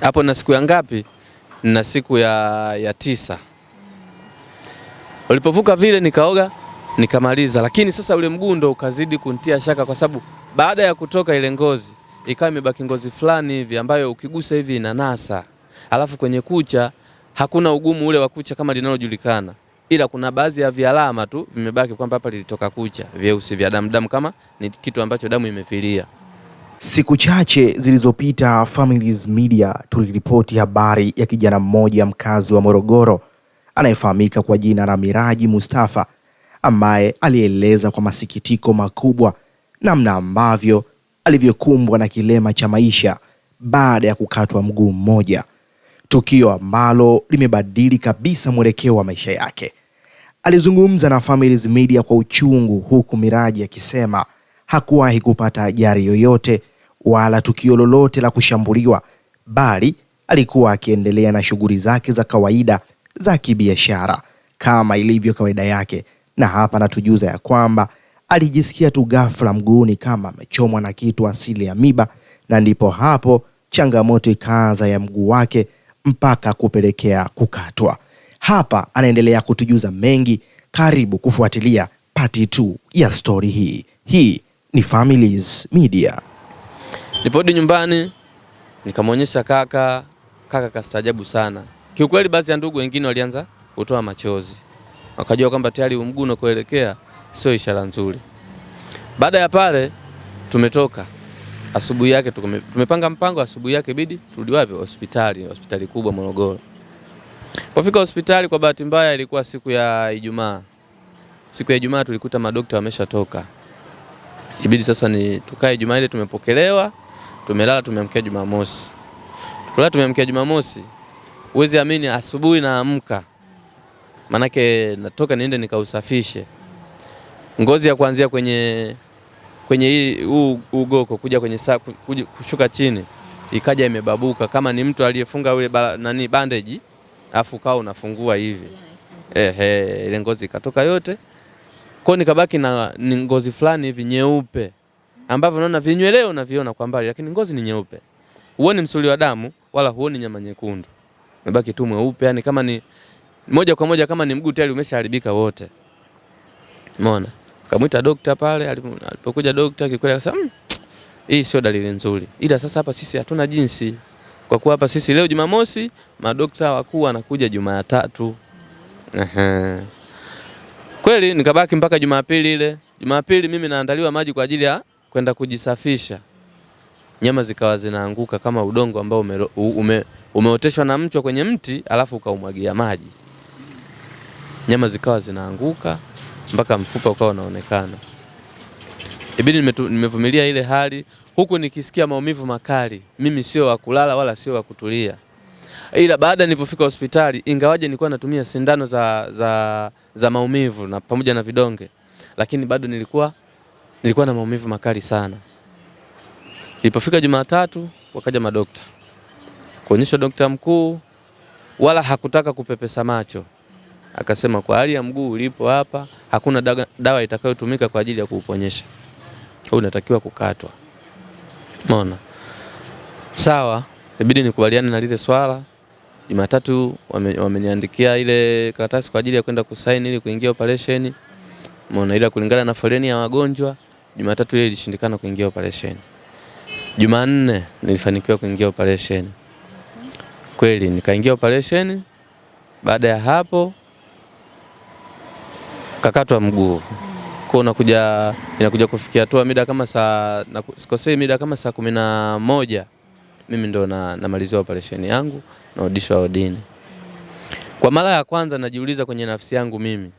hapo na siku ya ngapi? Na siku ya, ya tisa. Ulipovuka vile nikaoga nikamaliza, lakini sasa ule mguu ndo ukazidi kuntia shaka, kwa sababu baada ya kutoka ile ngozi ikawa imebaki ngozi fulani hivi ambayo ukigusa hivi inanasa, alafu kwenye kucha hakuna ugumu ule wa kucha kama linalojulikana, ila kuna baadhi ya vialama tu vimebaki kwamba hapa lilitoka kucha, vyeusi vya damu damu, kama ni kitu ambacho damu imefilia. Siku chache zilizopita Families Media tuliripoti habari ya kijana mmoja mkazi wa Morogoro anayefahamika kwa jina la Miraji Mustafa ambaye alieleza kwa masikitiko makubwa namna ambavyo alivyokumbwa na kilema cha maisha baada ya kukatwa mguu mmoja, tukio ambalo limebadili kabisa mwelekeo wa maisha yake. Alizungumza na Families Media kwa uchungu, huku Miraji akisema hakuwahi kupata ajali yoyote wala tukio lolote la kushambuliwa, bali alikuwa akiendelea na shughuli zake za kawaida za kibiashara kama ilivyo kawaida yake. Na hapa anatujuza ya kwamba alijisikia tu ghafla mguuni kama amechomwa na kitu asili ya miba, na ndipo hapo changamoto ikaanza ya mguu wake mpaka kupelekea kukatwa. Hapa anaendelea kutujuza mengi. Karibu kufuatilia pati 2 ya stori hii. Hii ni Families Media. Nilipodi nyumbani nikamwonyesha kaka, kaka kastaajabu sana kiukweli. Baadhi ya ndugu wengine walianza kutoa machozi, wakajua kwamba tayari mguu unakoelekea sio ishara nzuri. Baada ya pale tumetoka asubuhi yake tukume, tumepanga mpango asubuhi yake bidi turudi wapi? Hospitali, hospitali kubwa Morogoro. Pofika hospitali, kwa bahati mbaya ilikuwa siku ya Ijumaa. Siku ya Ijumaa tulikuta madokta wameshatoka, Ibidi sasa ni tukae juma ile tumepokelewa, tumelala tumeamkia Jumamosi. Tulala tumeamkia Jumamosi. Uwezi amini asubuhi naamka. Manake natoka niende nikausafishe. Ngozi ya kuanzia kwenye kwenye hii huu ugoko kuja kwenye sa, kuja, kushuka chini ikaja imebabuka kama ni mtu aliyefunga ule ba, nani bandage afu kawa unafungua hivi. Ehe, ile ngozi ikatoka yote kwa Kwao nikabaki na ngozi fulani hivi nyeupe ambavyo naona vinyweleo unaviona kwa mbali, lakini ngozi ni nyeupe. Huoni msuli wa damu wala huoni nyama nyekundu, umebaki tu mweupe, yani kama ni moja kwa moja, kama ni mguu tayari umeshaharibika wote. Umeona, kamwita dokta pale. Alipokuja dokta, kikweli akasema mmm, hii sio dalili nzuri, ila sasa hapa sisi hatuna jinsi, kwa kuwa hapa sisi leo Jumamosi, madokta wakuu wanakuja Jumatatu. Kweli nikabaki mpaka Jumapili ile. Jumapili mimi naandaliwa maji kwa ajili ya kwenda kujisafisha. Nyama zikawa zinaanguka kama udongo ambao ume, ume, umeoteshwa na mchwa kwenye mti alafu ukaumwagia maji. Nyama zikawa zinaanguka mpaka mfupa ukawa unaonekana. Ibidi nimevumilia ile hali huku nikisikia maumivu makali. Mimi sio wa kulala wala sio wa kutulia. Ila baada nilipofika hospitali, ingawaje nilikuwa natumia sindano za, za za maumivu na pamoja na vidonge, lakini bado nilikuwa, nilikuwa na maumivu makali sana. ilipofika Jumatatu wakaja madokta kuonyesha dokta mkuu, wala hakutaka kupepesa macho, akasema kwa hali ya mguu ulipo hapa hakuna daga, dawa itakayotumika kwa ajili ya kuuponyesha, unatakiwa kukatwa. Umeona? Sawa, ibidi nikubaliane na lile swala. Jumatatu wameniandikia wame ile karatasi kwa ajili ya kwenda kusaini ili kuingia operation. Umeona, ila kulingana na foleni ya wagonjwa Jumatatu ile ilishindikana kuingia operation. Jumanne nilifanikiwa kuingia operation. Kweli nikaingia operation. Baada ya hapo kakatwa mguu. Kwa unakuja inakuja kufikia hatua mida kama saa sikosei, mida kama saa kumi na moja mimi ndo na, namalizia operesheni yangu naudishwa odini. Kwa mara ya kwanza najiuliza kwenye nafsi yangu mimi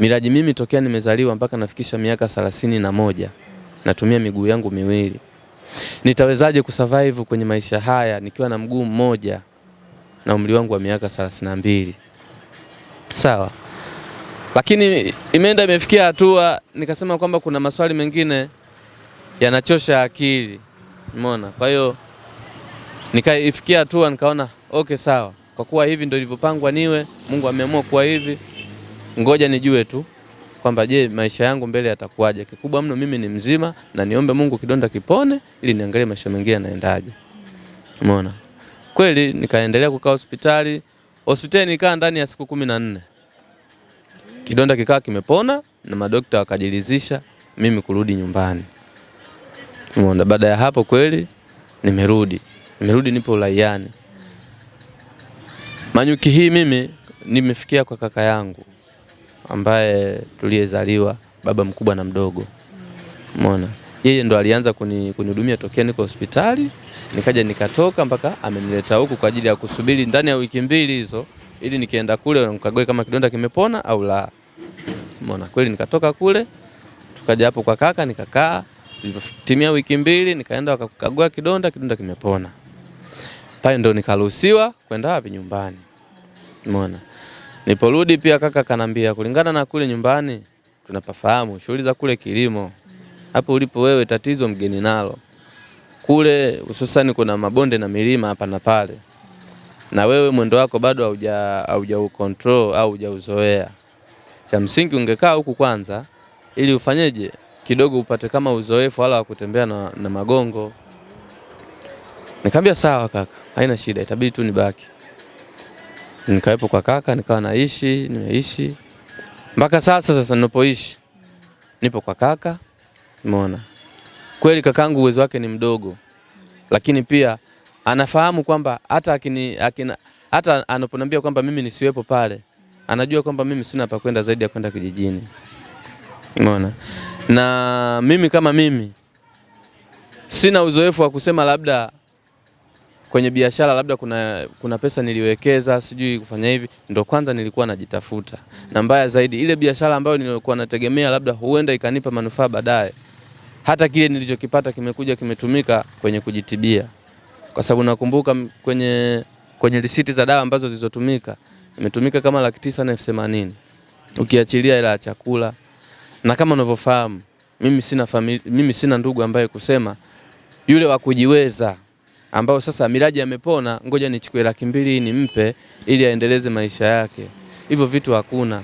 Miraji, mimi tokea nimezaliwa mpaka nafikisha miaka thelathini na moja natumia miguu yangu miwili, nitawezaje kusurvive kwenye maisha haya nikiwa na mguu mmoja na umri wangu wa miaka thelathini na mbili? Sawa, lakini imeenda imefikia hatua nikasema kwamba kuna maswali mengine yanachosha akili. Umeona? Kwa hiyo nikaifikia hatua nikaona okay, sawa, kwa kuwa hivi ndio nilivyopangwa niwe, Mungu ameamua kuwa hivi, ngoja nijue tu kwamba je, maisha yangu mbele yatakuwaje? Kikubwa mno mimi ni mzima na niombe Mungu kidonda kipone, ili niangalie maisha mengine yanaendaje. Umeona? Kweli nikaendelea kukaa hospitali. Hospitali nikaa ndani ya siku kumi na nne kidonda kikaa kimepona na madokta wakajilizisha mimi kurudi nyumbani. Umeona, baada ya hapo kweli nimerudi, nimerudi nipo ulaiani. Manyuki hii mimi nimefikia kwa kaka yangu ambaye tuliyezaliwa baba mkubwa na mdogo. Umeona, yeye ndo alianza kunihudumia tokea niko hospitali, nikaja nikatoka mpaka amenileta huku kwa ajili ya kusubiri ndani ya wiki mbili hizo, ili nikienda kule nikagoe kama kidonda kimepona au la. Umeona, kweli nikatoka kule tukaja hapo kwa kaka nikakaa Ilivyotimia wiki mbili, nikaenda wakakagua kidonda, kidonda kimepona. Pale ndo nikaruhusiwa kwenda wapi? Nyumbani. Umeona? Niporudi pia kaka kanambia, kulingana na kule nyumbani tunapafahamu shughuli za kule kilimo, hapo ulipo wewe tatizo mgeni nalo kule, hususan kuna mabonde na milima hapa na pale, na wewe mwendo wako bado hauja hauja control au haujauzoea. Cha msingi ungekaa huku kwanza, ili ufanyeje, kidogo upate kama uzoefu wala wa kutembea na, na magongo. Nikamwambia sawa kaka, haina shida, itabidi tu nibaki. Nikawepo kwa kaka, nikawa naishi, nimeishi mpaka sasa. Sasa ninapoishi nipo kwa kaka. Umeona, kweli kakangu uwezo wake ni mdogo, lakini pia anafahamu kwamba hata akini, akina, hata anaponiambia kwamba mimi nisiwepo pale, anajua kwamba mimi sina pa kwenda zaidi ya kwenda kijijini. Umeona na mimi kama mimi sina uzoefu wa kusema labda kwenye biashara labda kuna, kuna pesa niliwekeza sijui kufanya hivi, ndo kwanza nilikuwa najitafuta, na mbaya zaidi ile biashara ambayo nilikuwa nategemea labda huenda ikanipa manufaa baadaye, hata kile nilichokipata kimekuja kimetumika kwenye kujitibia, kwa sababu nakumbuka kwenye, kwenye risiti za dawa ambazo zilizotumika imetumika kama laki tisa na elfu themanini ukiachilia hela ya chakula na kama unavyofahamu mimi sina famili, mimi sina ndugu ambaye kusema yule wa kujiweza ambao sasa Miraji amepona, ngoja nichukue laki mbili nimpe ili aendeleze maisha yake. Hivyo vitu hakuna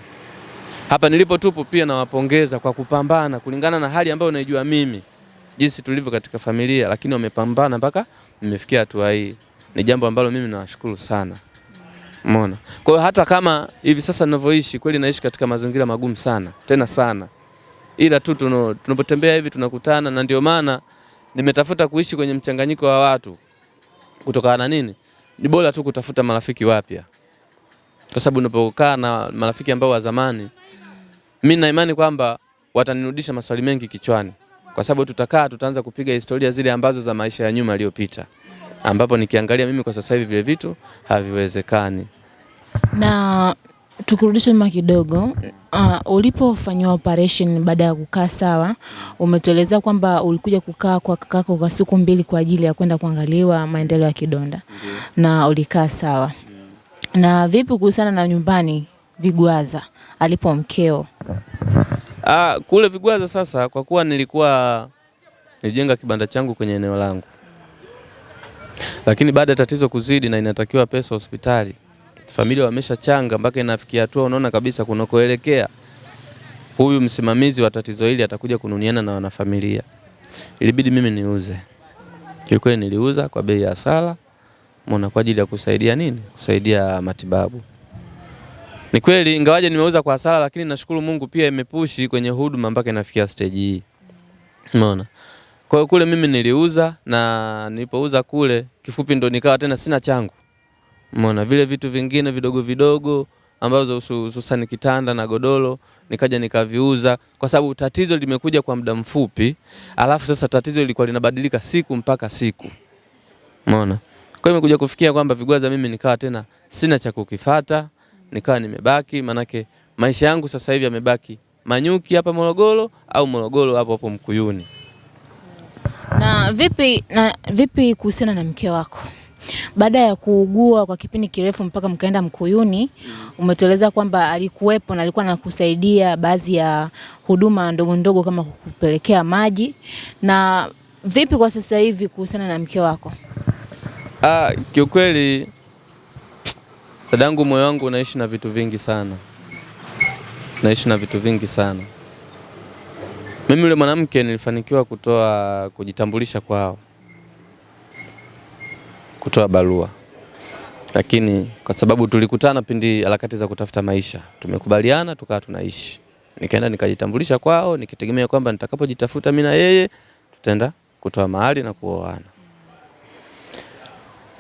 hapa nilipo tupo. Pia nawapongeza kwa kupambana kulingana na hali ambayo unaijua mimi jinsi tulivyo katika familia, lakini wamepambana mpaka nimefikia hatua hii, ni jambo ambalo mimi nawashukuru sana. Umeona, kwa hiyo hata kama hivi sasa ninavyoishi, kweli naishi katika mazingira magumu sana, tena sana ila tu tunapotembea hivi tunakutana, na ndio maana nimetafuta kuishi kwenye mchanganyiko wa watu kutokana na nini, ni bora tu kutafuta marafiki wapya, kwa sababu unapokaa na marafiki ambao wa zamani, mimi na imani kwamba watanirudisha maswali mengi kichwani, kwa sababu tutakaa, tutaanza kupiga historia zile ambazo za maisha ya nyuma yaliyopita, ambapo nikiangalia mimi kwa sasa hivi vile vitu haviwezekani na Tukirudisha nyuma kidogo, uh, ulipofanyiwa operation baada ya kukaa sawa, umetuelezea kwamba ulikuja kukaa kwa kakako kwa siku mbili kwa ajili ya kwenda kuangaliwa maendeleo ya kidonda na ulikaa sawa. Na vipi kuhusiana na nyumbani Vigwaza alipo mkeo? Ah, kule Vigwaza sasa, kwa kuwa nilikuwa nilijenga kibanda changu kwenye eneo langu, lakini baada ya tatizo kuzidi na inatakiwa pesa hospitali familia wameshachanga mpaka inafikia hatua unaona kabisa kunakoelekea, huyu msimamizi wa tatizo hili atakuja kununiana na wanafamilia. Ilibidi mimi niuze, kiukweli niliuza kwa bei ya sala mona kwa ajili ya kusaidia nini, kusaidia matibabu. Ni kweli ingawaje nimeuza kwa sala, lakini nashukuru Mungu pia imepushi kwenye huduma mpaka inafikia stage hii, umeona. Kwa hiyo kule mimi niliuza, na nilipouza kule, kifupi ndo nikawa tena sina changu Umeona vile vitu vingine vidogo vidogo ambazo hususani kitanda na godoro nikaja nikaviuza, kwa sababu tatizo limekuja kwa muda mfupi, alafu sasa tatizo lilikuwa linabadilika siku mpaka siku, umeona. Kwa imekuja kufikia kwamba Vigwaza mimi nikawa tena sina cha kukifata, nikawa nimebaki, manake maisha yangu sasa hivi yamebaki Manyuki hapa Morogoro au Morogoro hapo hapo Mkuyuni. Na vipi, na vipi kuhusiana na mke wako? baada ya kuugua kwa kipindi kirefu mpaka mkaenda Mkuyuni, umetueleza kwamba alikuwepo na alikuwa anakusaidia baadhi ya huduma ndogo ndogo kama kupelekea maji. Na vipi kwa sasa hivi kuhusiana na mke wako? Ah, kiukweli dadangu, moyo wangu unaishi na vitu vingi sana, naishi na vitu vingi sana. Mimi yule mwanamke nilifanikiwa kutoa kujitambulisha kwao kutoa barua, lakini kwa sababu tulikutana pindi harakati za kutafuta maisha, tumekubaliana tukawa tunaishi. Nikaenda nikajitambulisha kwao, nikitegemea kwamba nitakapojitafuta mimi na yeye tutaenda kutoa mahali na kuoana,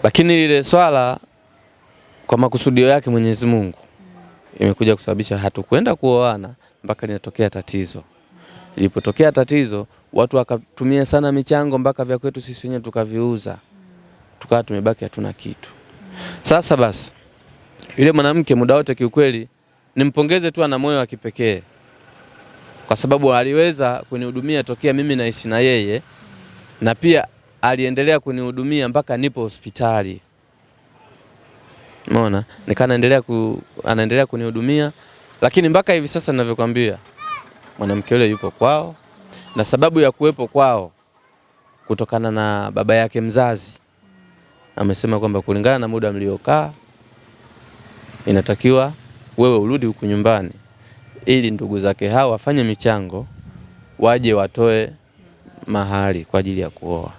lakini lile swala kwa makusudio yake Mwenyezi Mungu imekuja kusababisha hatukwenda kuoana mpaka linatokea tatizo. Lilipotokea tatizo, watu wakatumia sana michango mpaka vya kwetu sisi wenyewe tukaviuza tukawa tumebaki hatuna kitu. Sasa basi, yule mwanamke muda wote kiukweli, nimpongeze tu, ana moyo wa kipekee kwa sababu aliweza kunihudumia tokea mimi naishi na yeye, na pia aliendelea kunihudumia mpaka nipo hospitali. Umeona, nikanaendelea ku, anaendelea kunihudumia, lakini mpaka hivi sasa ninavyokuambia, mwanamke yule yupo kwao, na sababu ya kuwepo kwao kutokana na baba yake mzazi amesema kwamba kulingana na muda mliokaa inatakiwa wewe urudi huku nyumbani ili ndugu zake hao wafanye michango waje watoe mahari kwa ajili ya kuoa.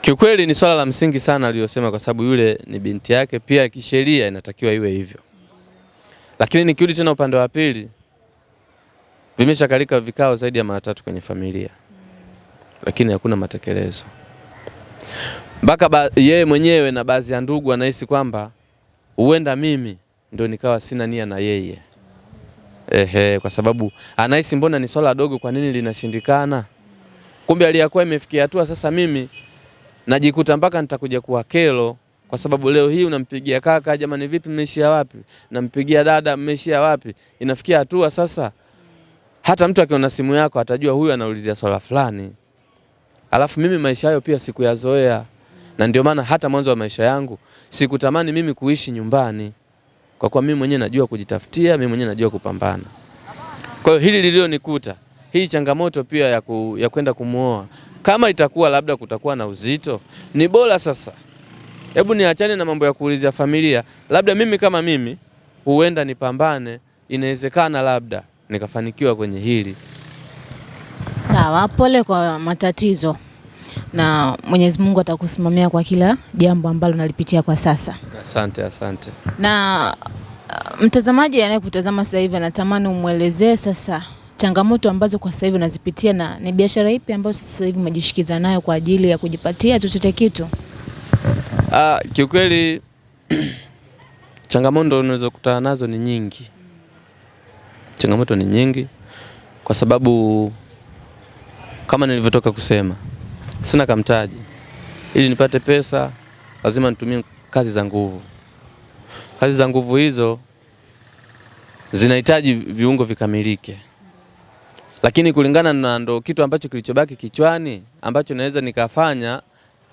Kiukweli ni swala la msingi sana aliyosema, kwa sababu yule ni binti yake, pia kisheria inatakiwa iwe hivyo. Lakini nikirudi tena upande wa pili, vimeshakalika vikao zaidi ya mara tatu kwenye familia lakini hakuna matekelezo mpaka yeye mwenyewe na baadhi ya ndugu anahisi kwamba huenda mimi ndo nikawa sina nia na yeye. Ehe, kwa sababu anahisi mbona ni swala dogo, kwa nini linashindikana? Kumbe aliyakuwa imefikia hatua sasa mimi najikuta mpaka nitakuja kuwa kelo, kwa sababu leo hii unampigia kaka, jamani vipi, mmeishia wapi? Nampigia dada, mmeishia wapi? Inafikia hatua sasa hata mtu akiona simu yako atajua huyu anaulizia swala fulani. Alafu mimi maisha hayo pia sikuyazoea, na ndio maana hata mwanzo wa maisha yangu sikutamani mimi kuishi nyumbani, kwa kuwa mimi mwenyewe najua kujitafutia, mimi mwenyewe najua kupambana. Kwa hiyo hili lilionikuta, hii changamoto pia ya, ku, ya kwenda kumwoa, kama itakuwa labda kutakuwa na uzito, ni bora sasa, hebu niachane na mambo ya kuulizia familia, labda mimi kama mimi huenda nipambane, inawezekana labda nikafanikiwa kwenye hili. Sawa, pole kwa matatizo na Mwenyezi Mungu atakusimamia kwa kila jambo ambalo nalipitia kwa sasa. Asante, asante. Na uh, mtazamaji anayekutazama sasa hivi anatamani umwelezee sasa changamoto ambazo kwa sasa hivi unazipitia na ni biashara ipi ambayo sasa hivi umejishikiza nayo kwa ajili ya kujipatia chochote kitu? Ah, kiukweli changamoto kutana nazo ni nyingi. Changamoto ni nyingi kwa sababu kama nilivyotoka kusema, sina kamtaji, ili nipate pesa lazima nitumie kazi za nguvu. Kazi za nguvu hizo zinahitaji viungo vikamilike, lakini kulingana na ndo kitu ambacho kilichobaki kichwani ambacho naweza nikafanya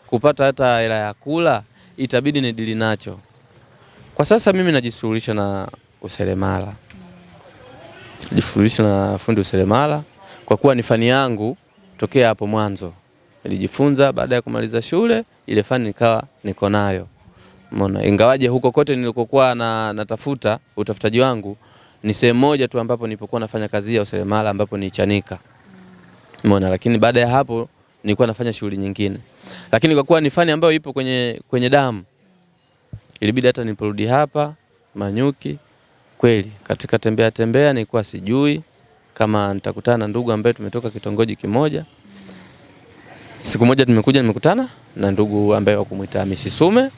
kupata hata hela ya kula, itabidi ni dili nacho. Kwa sasa mimi najishughulisha na useremala, najishughulisha na fundi useremala kwa kuwa ni fani yangu tokea hapo mwanzo nilijifunza. Baada ya kumaliza shule ile fani nikawa niko nayo umeona ingawaje huko kote nilikokuwa na, natafuta utafutaji wangu ni sehemu moja tu ambapo nilipokuwa nafanya kazi ya useremala ambapo ni Chanika. Mbona, lakini baada ya hapo nilikuwa nafanya shughuli nyingine. Lakini kwa kuwa ni fani ambayo ipo kwenye, kwenye damu ilibidi hata niporudi hapa Manyuki kweli katika tembea tembea nilikuwa sijui kama nitakutana ndugu ambaye tumetoka kitongoji kimoja. Siku moja nimekuja nimekutana na ndugu ambaye wakumuita Hamisi Sume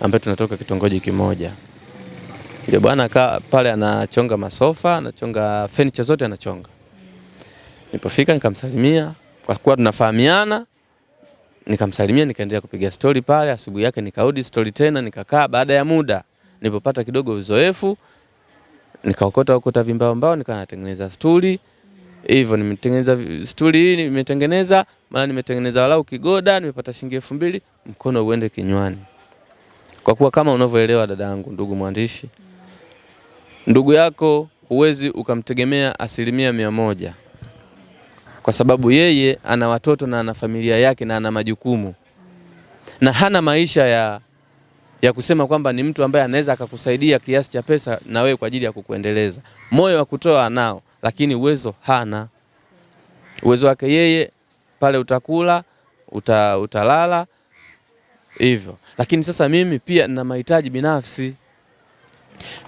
ambaye tunatoka kitongoji kimoja. Yule bwana akaa pale anachonga masofa, anachonga furniture zote anachonga. Nilipofika nikamsalimia kwa kuwa tunafahamiana. Nikamsalimia nikaendelea kupiga story pale, asubuhi yake nikarudi story tena nikakaa. Baada ya muda nilipopata kidogo uzoefu nikaokota okota vimbao mbao, nikawa stuli hivyo. Nimetengeneza stuli hii, nimetengeneza maana nimetengeneza walau kigoda, nimepata shilingi elfu mbili mkono uende kinywani, kwa kuwa kama unavyoelewa dadangu ndugu mwandishi, ndugu yako huwezi ukamtegemea asilimia mia moja kwa sababu yeye ana watoto na ana familia yake na ana majukumu na hana maisha ya ya kusema kwamba ni mtu ambaye anaweza akakusaidia kiasi cha pesa na wewe kwa ajili ya kukuendeleza. Moyo wa kutoa anao, lakini uwezo hana. Uwezo wake yeye pale, utakula uta, utalala hivyo. Lakini sasa mimi pia nina mahitaji binafsi.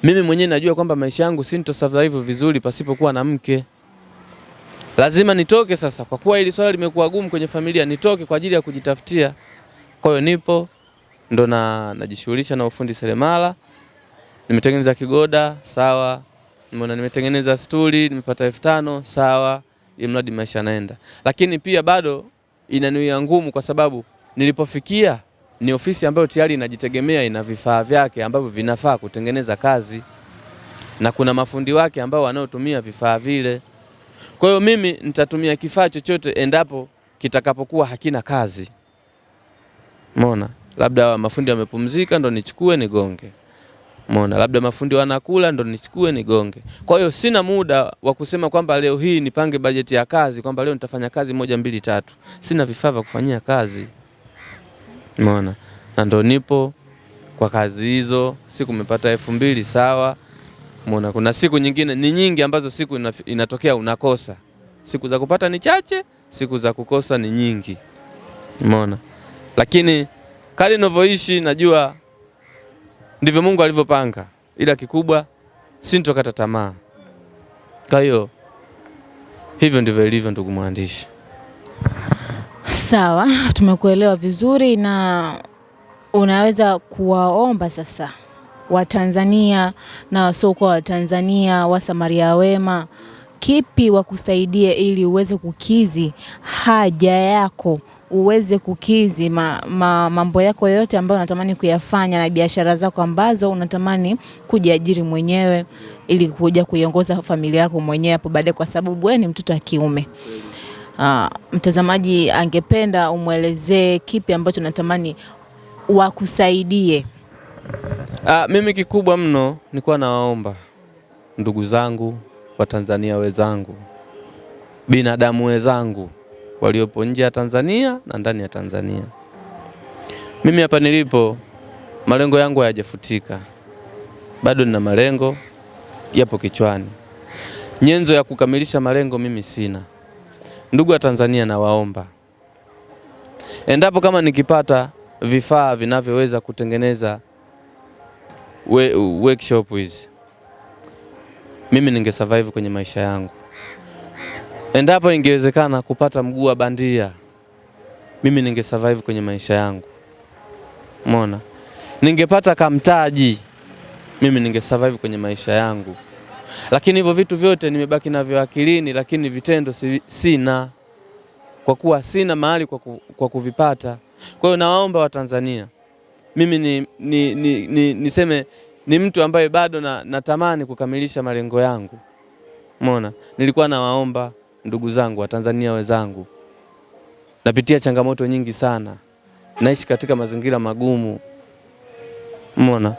Mimi mwenyewe najua kwamba maisha yangu survive vizuri pasipokuwa na mke. Lazima nitoke sasa, kwa kuwa hili swala limekuwa gumu kwenye familia, nitoke kwa ajili ya kujitafutia. Kwa hiyo nipo ndo na najishughulisha na ufundi seremala. Nimetengeneza kigoda sawa, nimeona nimetengeneza stuli, nimepata elfu tano sawa, ili mradi maisha yanaenda. Lakini pia bado inaniwia ngumu, kwa sababu nilipofikia ni ofisi ambayo tayari inajitegemea, ina vifaa vyake ambavyo vinafaa kutengeneza kazi na kuna mafundi wake ambao wanaotumia vifaa vile. Kwa hiyo mimi nitatumia kifaa chochote endapo kitakapokuwa hakina kazi, umeona labda mafundi wamepumzika ndo nichukue nigonge. Umeona, labda mafundi wanakula ndo nichukue nigonge. Kwa hiyo sina muda wa kusema kwamba leo hii nipange bajeti ya kazi kwamba leo nitafanya kazi moja mbili tatu. Sina vifaa vya kufanyia kazi. Umeona, na ndo nipo kwa kazi hizo. Siku umepata elfu mbili sawa. Umeona, kuna siku nyingine ni nyingi ambazo siku inatokea unakosa. Siku za kupata ni chache, siku za kukosa ni nyingi. Umeona, lakini Kali ninavyoishi najua ndivyo Mungu alivyopanga, ila kikubwa sintokata tamaa. Kwa hiyo hivyo ndivyo ilivyo, ndugu mwandishi. Sawa, tumekuelewa vizuri, na unaweza kuwaomba sasa Watanzania na wasiokuwa Watanzania, wasamaria wema, kipi wakusaidie ili uweze kukizi haja yako uweze kukizi ma, ma, mambo yako yote ambayo unatamani kuyafanya na biashara zako ambazo unatamani kujiajiri mwenyewe ili kuja kuiongoza familia yako mwenyewe hapo baadaye, kwa sababu wewe ni mtoto wa kiume. Uh, mtazamaji angependa umwelezee kipi ambacho unatamani wakusaidie? Uh, mimi kikubwa mno nilikuwa nawaomba ndugu zangu, Watanzania wenzangu, binadamu wenzangu waliopo nje ya Tanzania na ndani ya Tanzania. Mimi hapa nilipo, malengo yangu hayajafutika, bado nina malengo yapo kichwani. Nyenzo ya kukamilisha malengo mimi sina. Ndugu wa Tanzania, nawaomba endapo kama nikipata vifaa vinavyoweza kutengeneza we, workshop hizi, mimi ninge survive kwenye maisha yangu. Endapo ingewezekana kupata mguu wa bandia, mimi survive kwenye maisha yangu. Umeona, ningepata kamtaji, mimi survive kwenye maisha yangu, lakini hivyo vitu vyote nimebaki navyo akilini, lakini vitendo si, sina kwa kuwa sina mahali kwa, ku, kwa kuvipata. Kwa hiyo nawaomba Watanzania, mimi ni, ni, ni, ni, niseme ni mtu ambaye bado na, natamani kukamilisha malengo yangu. Umeona, nilikuwa nawaomba ndugu zangu, Watanzania wenzangu, napitia changamoto nyingi sana, naishi katika mazingira magumu. Umeona,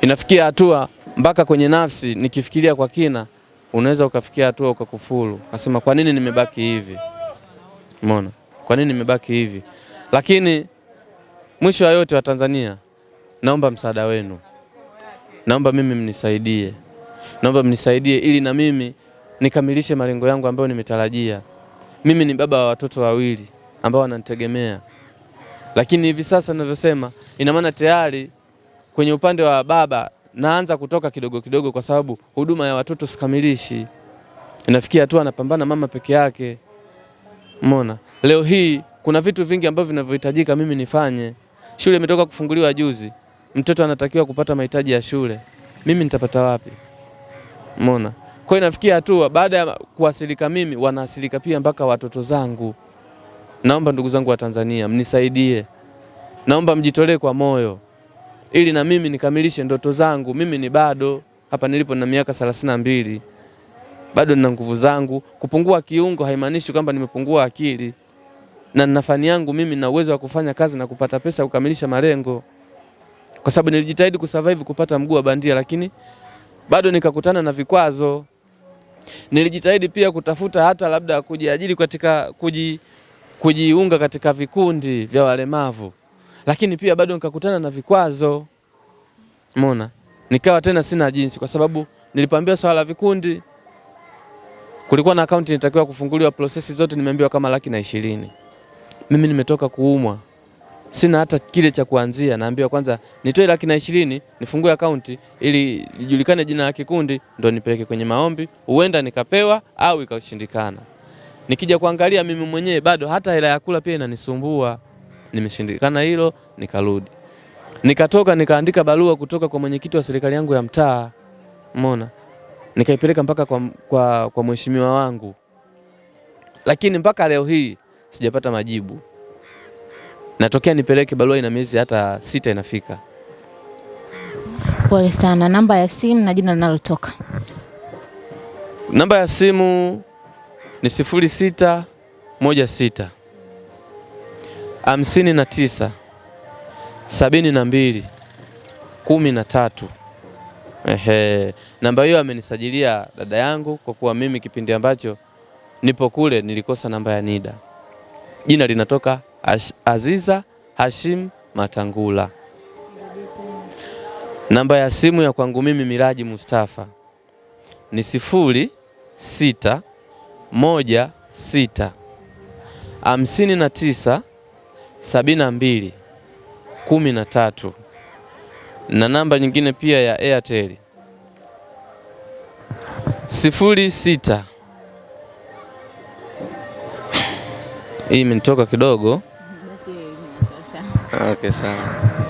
inafikia hatua mpaka kwenye nafsi, nikifikiria kwa kina, unaweza ukafikia hatua ukakufuru, ukasema kwa nini nimebaki hivi? Umeona, kwa nini nimebaki hivi? Lakini mwisho wa yote, Watanzania, naomba msaada wenu, naomba mimi mnisaidie, naomba mnisaidie ili na mimi nikamilishe malengo yangu ambayo nimetarajia. Mimi ni baba wa watoto wawili ambao wananitegemea, lakini hivi sasa ninavyosema, ina maana tayari kwenye upande wa baba naanza kutoka kidogo kidogo, kwa sababu huduma ya watoto sikamilishi. Inafikia hatua anapambana mama peke yake. Umeona, leo hii kuna vitu vingi ambavyo vinavyohitajika mimi nifanye. Shule imetoka kufunguliwa juzi, mtoto anatakiwa kupata mahitaji ya shule, mimi nitapata wapi? Umeona. Kwa hiyo nafikia hatua baada ya kuasilika mimi wanaasilika pia mpaka watoto zangu. Naomba ndugu zangu wa Tanzania mnisaidie, naomba mjitolee kwa moyo ili na mimi nikamilishe ndoto zangu. Mimi ni bado hapa nilipo na miaka thelathini na mbili, bado nina nguvu zangu. Kupungua kiungo haimaanishi kwamba nimepungua akili, na nina fani yangu mimi na uwezo wa kufanya kazi na kupata pesa kukamilisha malengo, kwa sababu nilijitahidi kusurvive kupata mguu wa bandia, lakini bado nikakutana na vikwazo. Nilijitahidi pia kutafuta hata labda kujiajiri katika kuji, kujiunga katika vikundi vya walemavu, lakini pia bado nikakutana na vikwazo. Umeona, nikawa tena sina jinsi, kwa sababu nilipoambiwa swala la vikundi, kulikuwa na akaunti nitakiwa kufunguliwa, prosesi zote nimeambiwa kama laki na ishirini. Mimi nimetoka kuumwa sina hata kile cha kuanzia, naambiwa kwanza nitoe laki na ishirini nifungue akaunti ili lijulikane jina la kikundi, ndo nipeleke kwenye maombi, huenda nikapewa au ikashindikana. Nikija kuangalia mimi mwenyewe bado hata hela ya kula pia inanisumbua, nimeshindikana hilo, nikarudi nikatoka nikaandika barua kutoka kwa mwenyekiti wa serikali yangu ya mtaa, umeona, nikaipeleka mpaka kwa, kwa, kwa mheshimiwa wangu, lakini mpaka leo hii sijapata majibu natokea nipeleke barua ina miezi hata sita inafika. Pole sana. Namba ya simu na jina linalotoka. Namba ya simu ni sifuri sita moja sita hamsini na tisa sabini na mbili kumi na tatu. Ehe, namba hiyo amenisajilia dada yangu, kwa kuwa mimi kipindi ambacho nipo kule nilikosa namba ya NIDA. Jina linatoka Ash, Aziza Hashim Matangula. Namba ya simu ya kwangu mimi Miraji Mustafa ni sifuri sita moja sita hamsini na tisa sabini na mbili kumi na tatu na namba nyingine pia ya Airtel sifuri sita hii imenitoka kidogo Oke, salam.